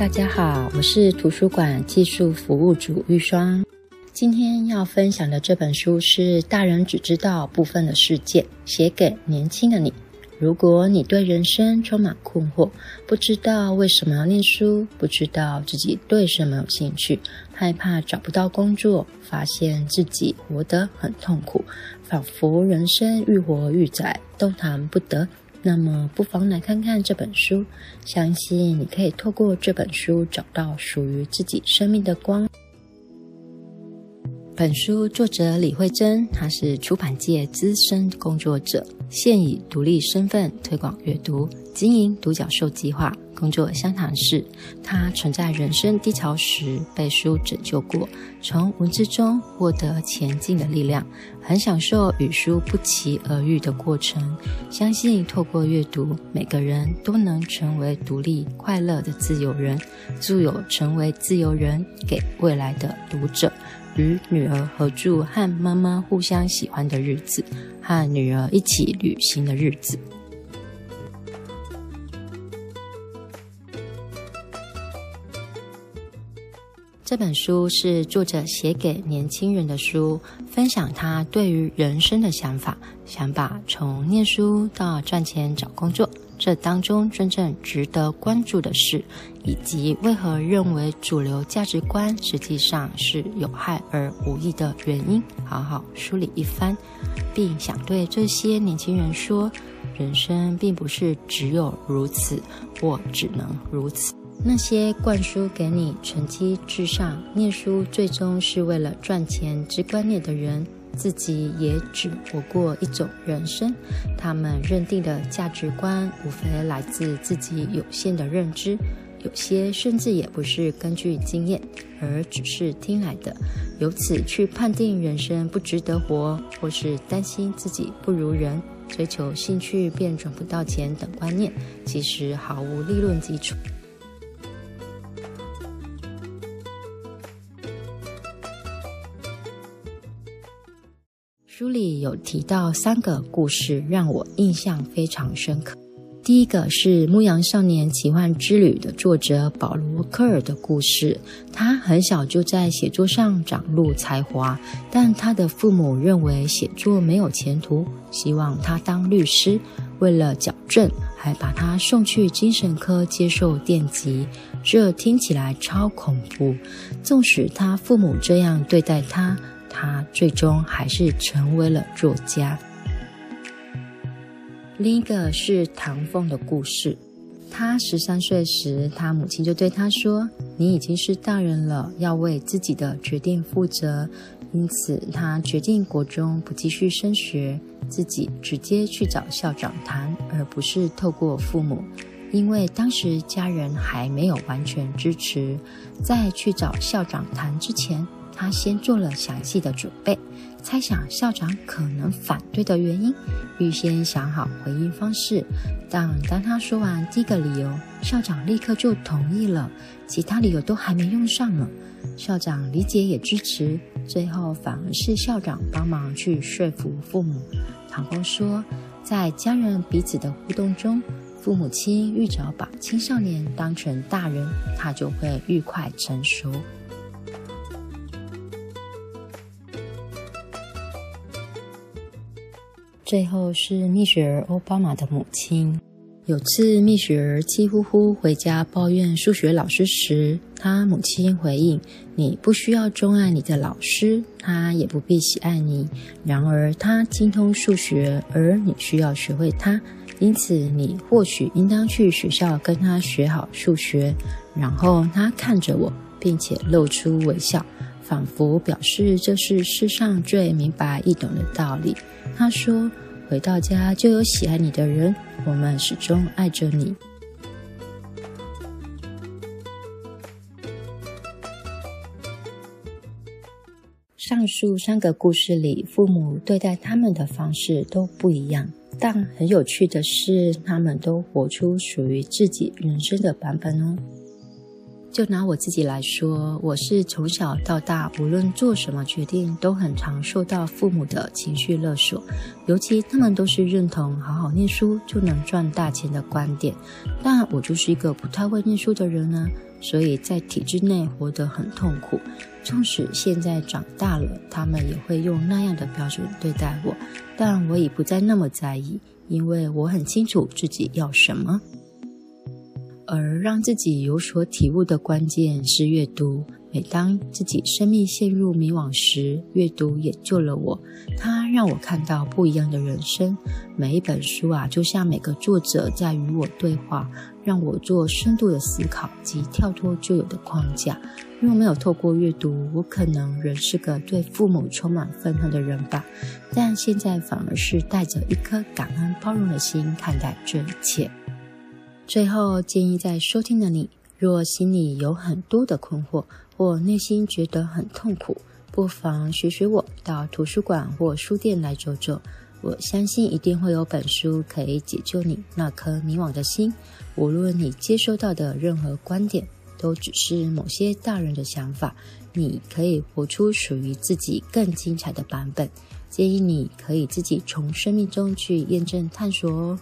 大家好，我是圖書館技術服務組玉霜。今天要分享的這本書是《大人只知道部分的世界》，寫給年輕的你。如果你對人生充滿困惑，不知道為什麼要念書，不知道自己對什麼有興趣，害怕找不到工作，發現自己活得很痛苦，仿佛人生愈活愈窄，動彈不得。那麼，不妨來看看這本書，相信你可以透過這本書找到屬於自己生命的光。本書作者李惠貞，她是出版界資深工作者。現以獨立身份推廣閱讀，經營獨角獸計劃。工作相談室，他曾在人生低潮時被書拯救過，從文字中獲得前進的力量。很享受與書不期而遇的過程，相信透過閱讀，每個人都能成為獨立、快樂的自由人。著有《成為自由人》給未來的讀者。與女兒合住、和媽媽互相喜歡的日子、和女兒一起旅行的日子。這本書是作者寫給年輕人的書，分享他對於人生的想法，想把從念書到賺錢、找工作這當中真正值得關注的事，以及為何認為主流價值觀實際上是有害而無益的原因，好好梳理一番，並想對這些年輕人說：人生並不是只有如此，或只能如此。那些灌輸給你“成績至上，念書最終是為了賺錢”之觀念的人，自己也只活過一種人生。他們認定的價值觀，無非來自自己有限的認知，有些甚至也不是根據經驗，而只是聽來的。由此去判定人生不值得活，或是擔心自己不如人，追求興趣便賺不到錢等觀念，其實毫無立論基礎。書裡有提到三個故事，讓我印象非常深刻。第一個是《牧羊少年奇幻之旅》的作者保羅·科爾的故事。他很小就在寫作上展露才華，但他的父母認為寫作沒有前途，希望他當律師。為了矯正，還把他送去精神科接受電擊。這聽起來超恐怖。縱使他父母這樣對待他。他最終還是成為了作家。另一個是唐鳳的故事，他十三歲時，他母親就對他說：“你已經是大人了，要為自己的決定負責。”因此，他決定國中不繼續升學，自己直接去找校長談，而不是透過父母。因為當時家人還沒有完全支持，在去找校長談之前，他先做了詳細的準備，猜想校長可能反對的原因，預先想好回應方式。但當他說完第一個理由，校長立刻就同意了，其他理由都還沒用上呢。校長理解也支持，最後反而是校長幫忙去說服父母。堂哥說，在家人彼此的互動中。父母親愈早把青少年當成大人，他就會愈快成熟。最後是蜜雪兒歐巴馬的母親。有次蜜雪兒氣呼呼回家抱怨數學老師時，他母親回應：“你不需要鍾愛你的老師，他也不必喜愛你。然而他精通數學，而你需要學會他。”因此，你或許應當去學校跟他學好數學。然後他看着我，並且露出微笑，仿佛表示這是世上最明白易懂的道理。他說：“回到家就有喜愛你的人，我們始終愛着你。”上述三個故事裡，父母對待他們的方式都不一樣，但很有趣的是，他們都活出屬於自己人生的版本哦。就拿我自己來說，我是從小到大，無論做什麼決定，都很常受到父母的情緒勒索，尤其他們都是認同“好好念書就能賺大錢”的觀點，但我就是一個不太會念書的人啊。所以在體制內活得很痛苦，縱使現在長大了，他們也會用那樣的標準對待我，但我已不再那麼在意，因為我很清楚自己要什麼。而讓自己有所體悟的關鍵是閱讀。每當自己生命陷入迷惘時，閱讀也救了我。它讓我看到不一樣的人生。每一本書啊，就像每個作者在與我對話。讓我做深度的思考及跳脫舊有的框架，如果沒有透過閱讀，我可能仍是個對父母充滿憤恨的人吧。但現在反而是帶着一顆感恩包容的心看待這一切。最後，建議在收聽的你，若心裡有很多的困惑或內心覺得很痛苦，不妨學學我，到圖書館或書店來走走。我相信一定會有本書可以解救你那顆迷惘的心。無論你接收到的任何觀點，都只是某些大人的想法。你可以活出屬於自己更精彩的版本。建議你可以自己從生命中去驗證探索哦。